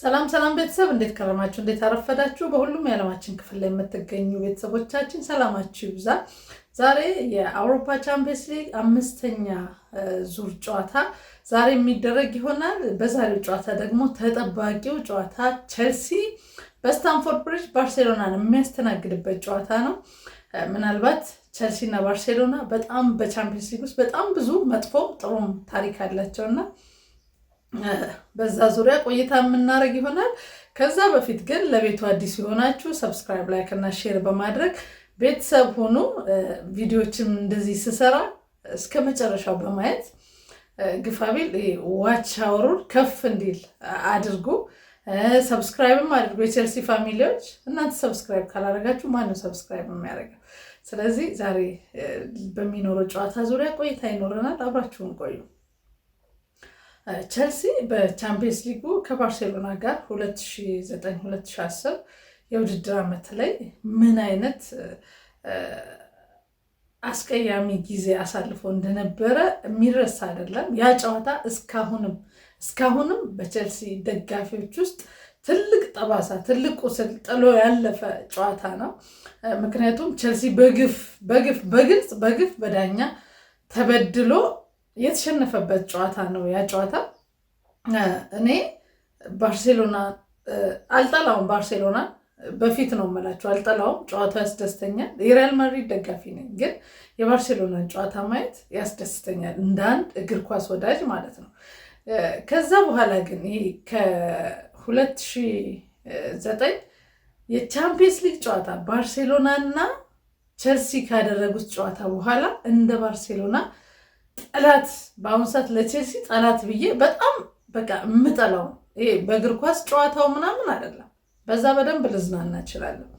ሰላም ሰላም ቤተሰብ እንዴት ከረማችሁ? እንዴት አረፈዳችሁ? በሁሉም የዓለማችን ክፍል ላይ የምትገኙ ቤተሰቦቻችን ሰላማችሁ ይብዛ። ዛሬ የአውሮፓ ቻምፒየንስ ሊግ አምስተኛ ዙር ጨዋታ ዛሬ የሚደረግ ይሆናል። በዛሬው ጨዋታ ደግሞ ተጠባቂው ጨዋታ ቼልሲ በስታንፎርድ ብሪጅ ባርሴሎናን የሚያስተናግድበት ጨዋታ ነው። ምናልባት ቼልሲ እና ባርሴሎና በጣም በቻምፒየንስ ሊግ ውስጥ በጣም ብዙ መጥፎም ጥሩም ታሪክ አላቸውና በዛ ዙሪያ ቆይታ የምናደርግ ይሆናል። ከዛ በፊት ግን ለቤቱ አዲስ የሆናችሁ ሰብስክራይብ፣ ላይክ እና ሼር በማድረግ ቤተሰብ ሆኑ። ቪዲዮችም እንደዚህ ስሰራ እስከ መጨረሻው በማየት ግፋቢል ዋች አወሩን ከፍ እንዲል አድርጉ። ሰብስክራይብም አድርጉ። የቼልሲ ፋሚሊዎች እናንተ ሰብስክራይብ ካላደረጋችሁ ማነው ሰብስክራይብ የሚያደርገው? ስለዚህ ዛሬ በሚኖረው ጨዋታ ዙሪያ ቆይታ ይኖረናል። አብራችሁን ቆዩ። ቸልሲ በቻምፒየንስ ሊጉ ከባርሴሎና ጋር 2009-2010 የውድድር ዓመት ላይ ምን አይነት አስቀያሚ ጊዜ አሳልፎ እንደነበረ የሚረሳ አይደለም። ያ ጨዋታ እስካሁንም እስካሁንም በቸልሲ ደጋፊዎች ውስጥ ትልቅ ጠባሳ፣ ትልቅ ቁስል ጥሎ ያለፈ ጨዋታ ነው። ምክንያቱም ቸልሲ በግፍ በግፍ በግልጽ በግፍ በዳኛ ተበድሎ የተሸነፈበት ጨዋታ ነው ያ ጨዋታ። እኔ ባርሴሎና አልጠላውም፣ ባርሴሎና በፊት ነው የምላቸው አልጠላውም፣ ጨዋታው ያስደስተኛል። የሪያል ማድሪድ ደጋፊ ነኝ፣ ግን የባርሴሎና ጨዋታ ማየት ያስደስተኛል፣ እንደ አንድ እግር ኳስ ወዳጅ ማለት ነው። ከዛ በኋላ ግን ይሄ ከ2009 የቻምፒየንስ ሊግ ጨዋታ ባርሴሎና እና ቸልሲ ካደረጉት ጨዋታ በኋላ እንደ ባርሴሎና ጠላት በአሁኑ ሰዓት ለቼልሲ ጠላት ብዬ በጣም በቃ የምጠላው ይሄ በእግር ኳስ ጨዋታው ምናምን አይደለም፣ በዛ በደንብ ልዝናና እችላለሁ።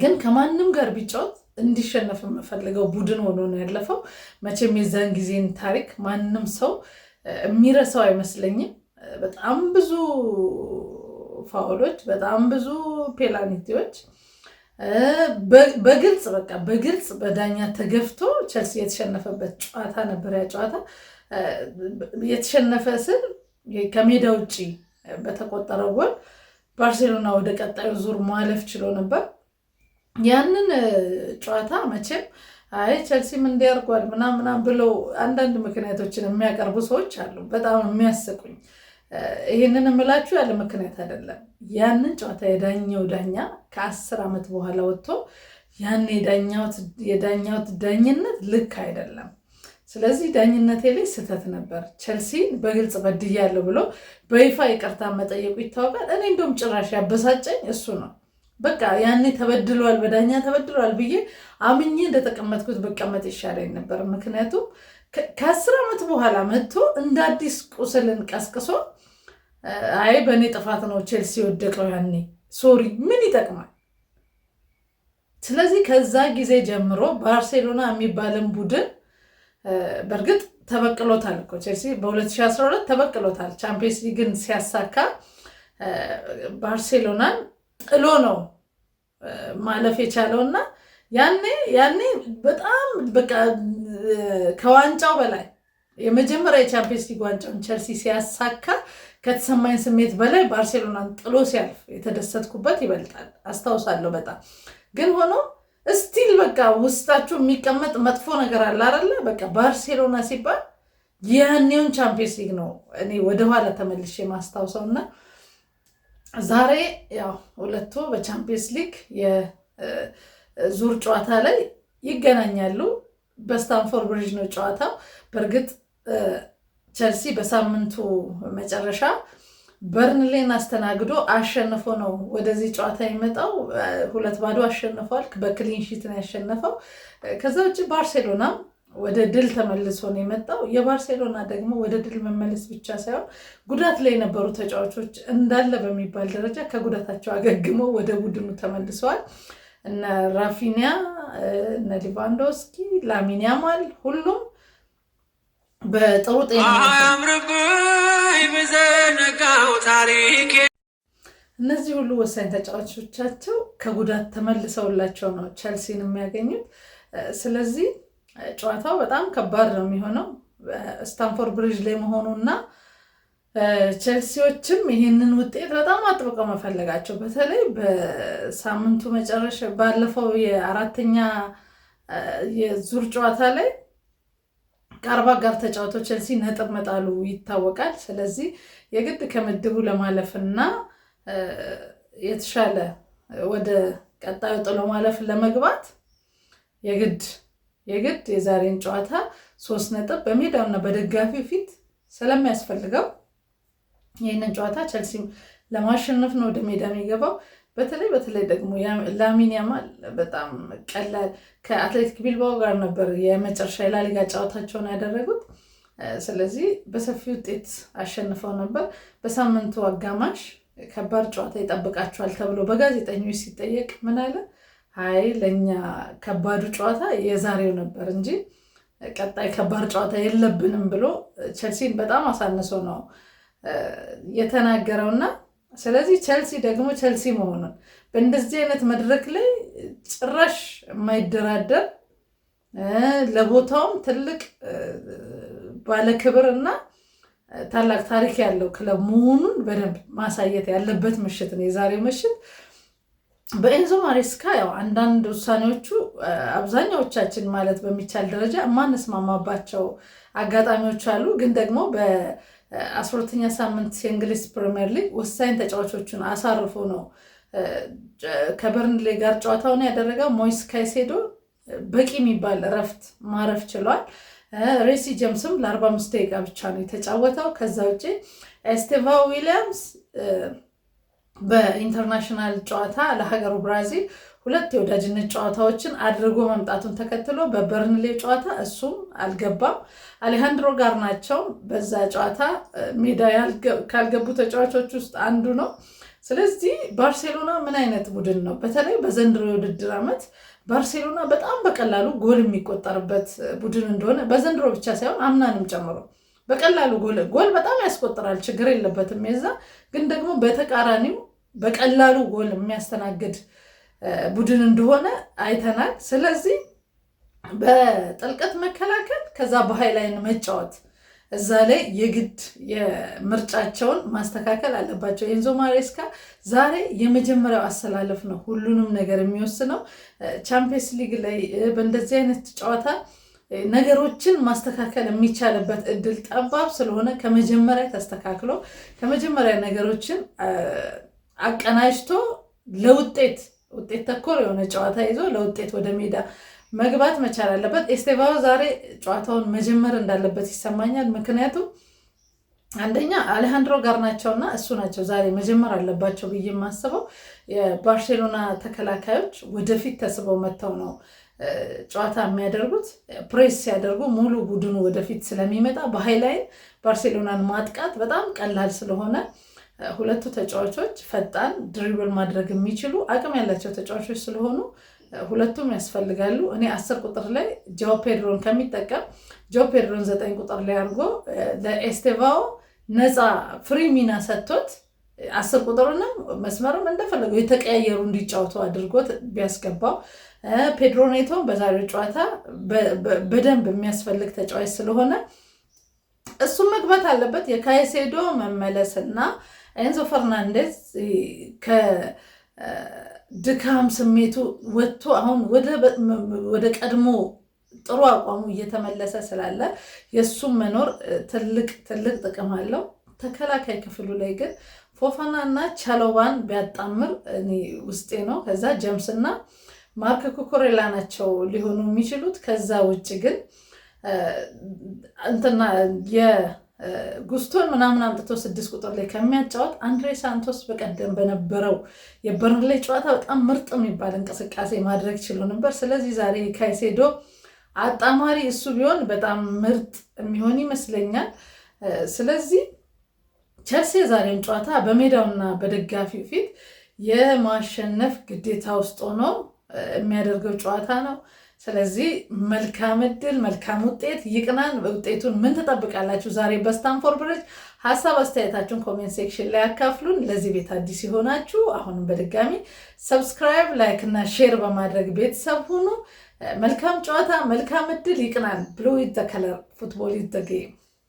ግን ከማንም ጋር ቢጫወት እንዲሸነፍ የምፈልገው ቡድን ሆኖ ነው ያለፈው። መቼም የዛን ጊዜን ታሪክ ማንም ሰው የሚረሳው አይመስለኝም። በጣም ብዙ ፋውሎች፣ በጣም ብዙ ፔናልቲዎች በግልጽ በቃ በግልጽ በዳኛ ተገፍቶ ቸልሲ የተሸነፈበት ጨዋታ ነበር። ያ ጨዋታ የተሸነፈ ስል ከሜዳ ውጭ በተቆጠረው ጎል ባርሴሎና ወደ ቀጣዩ ዙር ማለፍ ችሎ ነበር። ያንን ጨዋታ መቼም አይ ቸልሲም እንዲያርጓል ምናምና ብለው አንዳንድ ምክንያቶችን የሚያቀርቡ ሰዎች አሉ። በጣም የሚያስቁኝ ይህንን የምላችሁ ያለ ምክንያት አይደለም። ያንን ጨዋታ የዳኘው ዳኛ ከአስር ዓመት በኋላ ወጥቶ ያን የዳኛውት ዳኝነት ልክ አይደለም፣ ስለዚህ ዳኝነቴ ላይ ስህተት ነበር፣ ቸልሲ በግልጽ በድያለሁ ብሎ በይፋ ይቅርታ መጠየቁ ይታወቃል። እኔ እንደውም ጭራሽ ያበሳጨኝ እሱ ነው። በቃ ያኔ ተበድሏል፣ በዳኛ ተበድሏል ብዬ አምኜ እንደተቀመጥኩት በቀመጥ ይሻለኝ ነበር። ምክንያቱም ከአስር ዓመት በኋላ መጥቶ እንደ አዲስ ቁስልን ቀስቅሶ አይ በእኔ ጥፋት ነው ቼልሲ ወደቀው ያኔ ሶሪ ምን ይጠቅማል? ስለዚህ ከዛ ጊዜ ጀምሮ ባርሴሎና የሚባልን ቡድን በእርግጥ ተበቅሎታል እኮ ቼልሲ በ2012 ተበቅሎታል። ቻምፒየንስ ሊግን ሲያሳካ ባርሴሎናን ጥሎ ነው ማለፍ የቻለው እና ያኔ ያኔ በጣም በቃ ከዋንጫው በላይ የመጀመሪያ የቻምፒየንስ ሊግ ዋንጫውን ቸልሲ ሲያሳካ ከተሰማኝ ስሜት በላይ ባርሴሎናን ጥሎ ሲያልፍ የተደሰትኩበት ይበልጣል አስታውሳለሁ። በጣም ግን ሆኖ እስቲል በቃ ውስጣችሁ የሚቀመጥ መጥፎ ነገር አለ አይደለ? በቃ ባርሴሎና ሲባል ያኔውን ቻምፒየንስ ሊግ ነው እኔ ወደኋላ ተመልሼ ማስታውሰው እና ዛሬ ያው ሁለቱ በቻምፒየንስ ሊግ የዙር ጨዋታ ላይ ይገናኛሉ። በስታንፎርድ ብሪጅ ነው ጨዋታው። በእርግጥ ቸልሲ በሳምንቱ መጨረሻ በርንሌን አስተናግዶ አሸንፎ ነው ወደዚህ ጨዋታ የመጣው። ሁለት ባዶ አሸንፏል። በክሊንሺት ነው ያሸነፈው። ከዛ ውጭ ባርሴሎና ወደ ድል ተመልሶ ነው የመጣው። የባርሴሎና ደግሞ ወደ ድል መመለስ ብቻ ሳይሆን ጉዳት ላይ የነበሩ ተጫዋቾች እንዳለ በሚባል ደረጃ ከጉዳታቸው አገግመው ወደ ቡድኑ ተመልሰዋል። እነ ራፊኒያ እነ ሊቫንዶስኪ ላሚን ያማል ሁሉም በጥሩ እነዚህ ሁሉ ወሳኝ ተጫዋቾቻቸው ከጉዳት ተመልሰውላቸው ነው ቸልሲን የሚያገኙት። ስለዚህ ጨዋታው በጣም ከባድ ነው የሚሆነው ስታንፎርድ ብሪጅ ላይ መሆኑ እና ቸልሲዎችም ይህንን ውጤት በጣም አጥብቀው መፈለጋቸው በተለይ በሳምንቱ መጨረሻ ባለፈው የአራተኛ የዙር ጨዋታ ላይ ከአርባ ጋር ተጫውቶ ቸልሲ ነጥብ መጣሉ ይታወቃል። ስለዚህ የግድ ከምድቡ ለማለፍ እና የተሻለ ወደ ቀጣዩ ጥሎ ማለፍ ለመግባት የግድ የግድ የዛሬን ጨዋታ ሶስት ነጥብ በሜዳውና በደጋፊ ፊት ስለሚያስፈልገው ይህንን ጨዋታ ቸልሲም ለማሸነፍ ነው ወደ ሜዳ የሚገባው። በተለይ በተለይ ደግሞ ላሚን ያማል በጣም ቀላል ከአትሌቲክ ቢልባኦ ጋር ነበር የመጨረሻ የላሊጋ ጨዋታቸውን ያደረጉት። ስለዚህ በሰፊ ውጤት አሸንፈው ነበር። በሳምንቱ አጋማሽ ከባድ ጨዋታ ይጠብቃቸዋል ተብሎ በጋዜጠኞች ሲጠየቅ ምን አለ? አይ ለእኛ ከባዱ ጨዋታ የዛሬው ነበር እንጂ ቀጣይ ከባድ ጨዋታ የለብንም ብሎ ቸልሲን በጣም አሳንሶ ነው የተናገረውና ስለዚህ ቸልሲ ደግሞ ቸልሲ መሆኑን በእንደዚህ አይነት መድረክ ላይ ጭራሽ የማይደራደር ለቦታውም ትልቅ ባለክብር እና ታላቅ ታሪክ ያለው ክለብ መሆኑን በደንብ ማሳየት ያለበት ምሽት ነው የዛሬው ምሽት። በኤንዞ ማሬስካ ያው አንዳንድ ውሳኔዎቹ አብዛኛዎቻችን ማለት በሚቻል ደረጃ የማንስማማባቸው አጋጣሚዎች አሉ ግን ደግሞ አስራ ሁለተኛ ሳምንት የእንግሊዝ ፕሪምየር ሊግ ወሳኝ ተጫዋቾቹን አሳርፎ ነው ከበርንሌ ጋር ጨዋታውን ያደረገው። ሞይስ ካይሴዶ በቂ የሚባል እረፍት ማረፍ ችሏል። ሬሲ ጀምስም ለ45 ደቂቃ ብቻ ነው የተጫወተው። ከዛ ውጭ ኤስቴቫ ዊሊያምስ በኢንተርናሽናል ጨዋታ ለሀገሩ ብራዚል ሁለት የወዳጅነት ጨዋታዎችን አድርጎ መምጣቱን ተከትሎ በበርንሌ ጨዋታ እሱም አልገባም። አሌሃንድሮ ጋር ናቸው በዛ ጨዋታ ሜዳ ካልገቡ ተጫዋቾች ውስጥ አንዱ ነው። ስለዚህ ባርሴሎና ምን አይነት ቡድን ነው? በተለይ በዘንድሮ የውድድር ዓመት ባርሴሎና በጣም በቀላሉ ጎል የሚቆጠርበት ቡድን እንደሆነ በዘንድሮ ብቻ ሳይሆን አምናንም ጨምሮ በቀላሉ ጎል ጎል በጣም ያስቆጥራል፣ ችግር የለበትም። የዛ ግን ደግሞ በተቃራኒው በቀላሉ ጎል የሚያስተናግድ ቡድን እንደሆነ አይተናል። ስለዚህ በጥልቀት መከላከል ከዛ በሀይ መጫወት እዛ ላይ የግድ የምርጫቸውን ማስተካከል አለባቸው። ኤንዞ ማሬስካ ዛሬ የመጀመሪያው አሰላለፍ ነው ሁሉንም ነገር የሚወስነው። ቻምፒየንስ ሊግ ላይ በእንደዚህ አይነት ጨዋታ ነገሮችን ማስተካከል የሚቻልበት እድል ጠባብ ስለሆነ ከመጀመሪያ ተስተካክሎ ከመጀመሪያ ነገሮችን አቀናጅቶ ለውጤት ውጤት ተኮር የሆነ ጨዋታ ይዞ ለውጤት ወደ ሜዳ መግባት መቻል አለበት። ኤስቴቫኦ ዛሬ ጨዋታውን መጀመር እንዳለበት ይሰማኛል። ምክንያቱም አንደኛ አሌሃንድሮ ጋር ናቸው እና እሱ ናቸው ዛሬ መጀመር አለባቸው ብዬ የማስበው። የባርሴሎና ተከላካዮች ወደፊት ተስበው መጥተው ነው ጨዋታ የሚያደርጉት። ፕሬስ ሲያደርጉ ሙሉ ቡድኑ ወደፊት ስለሚመጣ በሃይላይን ባርሴሎናን ማጥቃት በጣም ቀላል ስለሆነ ሁለቱ ተጫዋቾች ፈጣን ድሪብል ማድረግ የሚችሉ አቅም ያላቸው ተጫዋቾች ስለሆኑ ሁለቱም ያስፈልጋሉ። እኔ አስር ቁጥር ላይ ጆ ፔድሮን ከሚጠቀም ጆ ፔድሮን ዘጠኝ ቁጥር ላይ አድርጎ ለኤስቴቫኦ ነፃ ፍሪ ሚና ሰጥቶት አስር ቁጥሩንም መስመርም እንደፈለገው የተቀያየሩ እንዲጫወቱ አድርጎት ቢያስገባው ፔድሮ በዛሬው ጨዋታ በደንብ የሚያስፈልግ ተጫዋች ስለሆነ እሱም መግባት አለበት የካይሴዶ መመለስና ኤንዞ ፈርናንዴዝ ከድካም ስሜቱ ወጥቶ አሁን ወደ ቀድሞ ጥሩ አቋሙ እየተመለሰ ስላለ የእሱም መኖር ትልቅ ትልቅ ጥቅም አለው። ተከላካይ ክፍሉ ላይ ግን ፎፋና እና ቻሎባን ቢያጣምር ውስጤ ነው። ከዛ ጀምስ እና ማርክ ኩኩሬላ ናቸው ሊሆኑ የሚችሉት። ከዛ ውጭ ግን እንትና ጉስቶን ምናምን አምጥቶ ስድስት ቁጥር ላይ ከሚያጫወት አንድሬ ሳንቶስ በቀደም በነበረው የበርንሌ ጨዋታ በጣም ምርጥ የሚባል እንቅስቃሴ ማድረግ ችሎ ነበር። ስለዚህ ዛሬ ካይሴዶ አጣማሪ እሱ ቢሆን በጣም ምርጥ የሚሆን ይመስለኛል። ስለዚህ ቸልሲ የዛሬውን ጨዋታ በሜዳውና በደጋፊው ፊት የማሸነፍ ግዴታ ውስጥ ሆኖ የሚያደርገው ጨዋታ ነው። ስለዚህ መልካም እድል፣ መልካም ውጤት ይቅናን። ውጤቱን ምን ትጠብቃላችሁ? ዛሬ በስታንፎርድ ብሪጅ ሀሳብ አስተያየታችሁን ኮሜንት ሴክሽን ላይ ያካፍሉን። ለዚህ ቤት አዲስ የሆናችሁ አሁንም በድጋሚ ሰብስክራይብ፣ ላይክ እና ሼር በማድረግ ቤተሰብ ሁኑ። መልካም ጨዋታ፣ መልካም እድል። ይቅናን። ብሉ ኢዝ ዘ ከለር ፉትቦል ኢዝ ዘ ጌም